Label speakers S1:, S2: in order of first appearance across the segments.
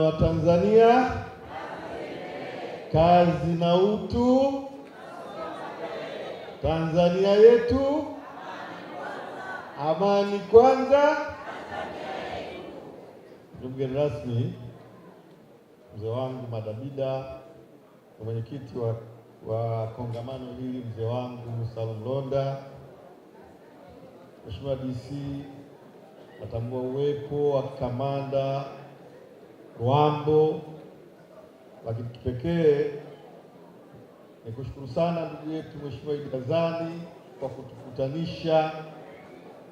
S1: Watanzania kazi na utu, Tanzania yetu amani kwanza. Mgeni rasmi, mzee wangu Madabida mwenyekiti wa, wa kongamano hili mzee wangu Salum Londa, Mheshimiwa DC, natambua uwepo wa kamanda wambo lakini kipekee nikushukuru sana ndugu yetu Mheshimiwa Idi kwa kutukutanisha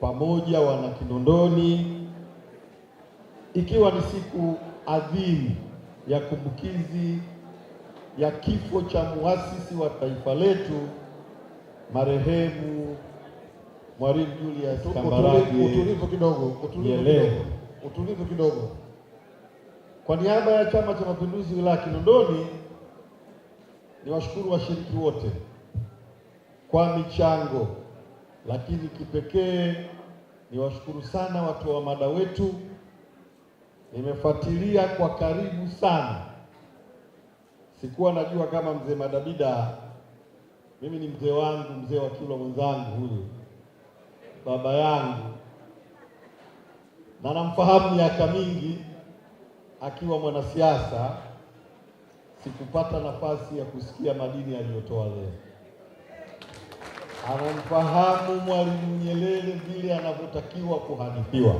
S1: pamoja wana Kinondoni, ikiwa ni siku adhimu ya kumbukizi ya kifo cha muasisi wa taifa letu marehemu Mwalimu Julius Kambarage Nyerere. Utulivu kidogo, utulivu kidogo. Kwa niaba ya Chama cha Mapinduzi wilaya Kinondoni, niwashukuru washiriki wote kwa michango, lakini kipekee niwashukuru sana watu wa mada wetu. Nimefuatilia kwa karibu sana, sikuwa najua kama mzee Madabida, mimi ni mzee wangu, mzee wa Kilwa mwenzangu, huyu baba yangu, na namfahamu miaka mingi akiwa mwanasiasa sikupata nafasi ya kusikia madini aliyotoa leo. Anamfahamu Mwalimu Nyerere vile anavyotakiwa kuhadithiwa,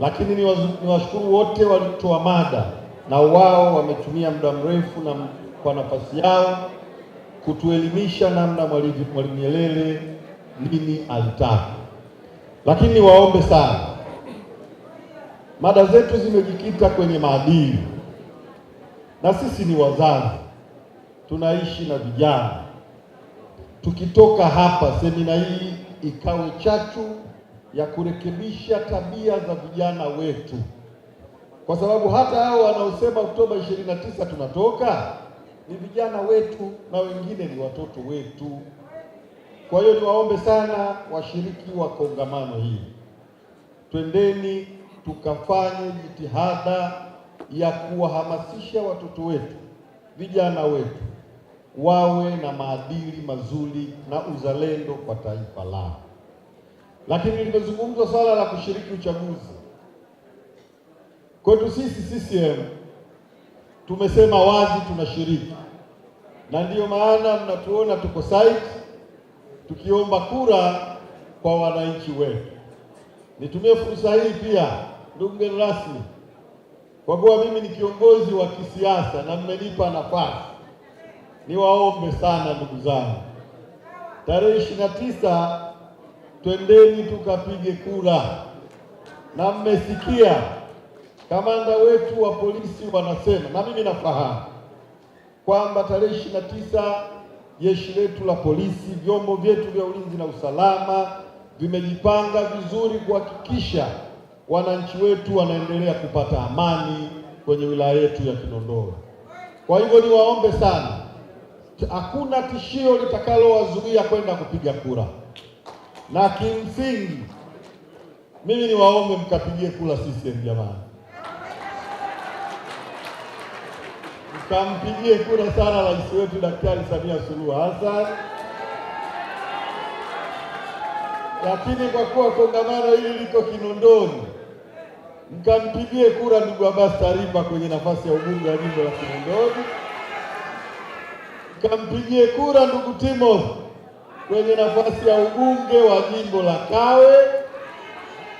S1: lakini niwashukuru wote walitoa mada, na wao wametumia muda mrefu na kwa nafasi yao kutuelimisha namna Mwalimu Nyerere nini alitaka, lakini niwaombe sana Mada zetu zimejikita kwenye maadili, na sisi ni wazazi, tunaishi na vijana. Tukitoka hapa semina hii ikawe chachu ya kurekebisha tabia za vijana wetu, kwa sababu hata hao wanaosema Oktoba 29 tunatoka ni vijana wetu na wengine ni watoto wetu. Kwa hiyo niwaombe sana washiriki wa kongamano hili, twendeni tukafanye jitihada ya kuwahamasisha watoto wetu, vijana wetu wawe na maadili mazuri na uzalendo kwa taifa lao. Lakini nimezungumza swala la kushiriki uchaguzi. Kwetu sisi CCM tumesema wazi tunashiriki, na ndiyo maana mnatuona tuko site tukiomba kura kwa wananchi wetu. Nitumie fursa hii pia, ndugu mgeni rasmi, kwa kuwa mimi ni kiongozi wa kisiasa na mmenipa nafasi, niwaombe sana ndugu zangu, tarehe ishirini na tisa twendeni tukapige kura, na mmesikia kamanda wetu wa polisi wanasema, na mimi nafahamu kwamba tarehe ishirini na tisa jeshi letu la polisi, vyombo vyetu vya ulinzi na usalama vimejipanga vizuri kuhakikisha wananchi wetu wanaendelea kupata amani kwenye wilaya yetu ya Kinondoni. Kwa hivyo niwaombe sana, hakuna tishio litakalowazuia kwenda kupiga kura, na kimsingi mimi niwaombe mkapigie kura CCM jamani, mkampigie kura sana rais wetu Daktari Samia Suluhu Hassan lakini kwa kuwa kongamano hili liko Kinondoni, mkampigie kura ndugu Abbas Tarimba kwenye nafasi ya ubunge wa jimbo la Kinondoni, mkampigie kura ndugu Timo kwenye nafasi ya ubunge wa jimbo la Kawe,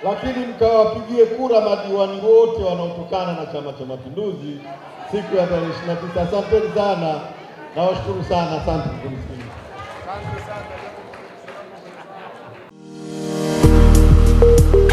S1: lakini mkawapigie kura madiwani wote wanaotokana na Chama cha Mapinduzi siku ya tarehe 29. Asanteni sana, nawashukuru sana, asante.
S2: Thank you.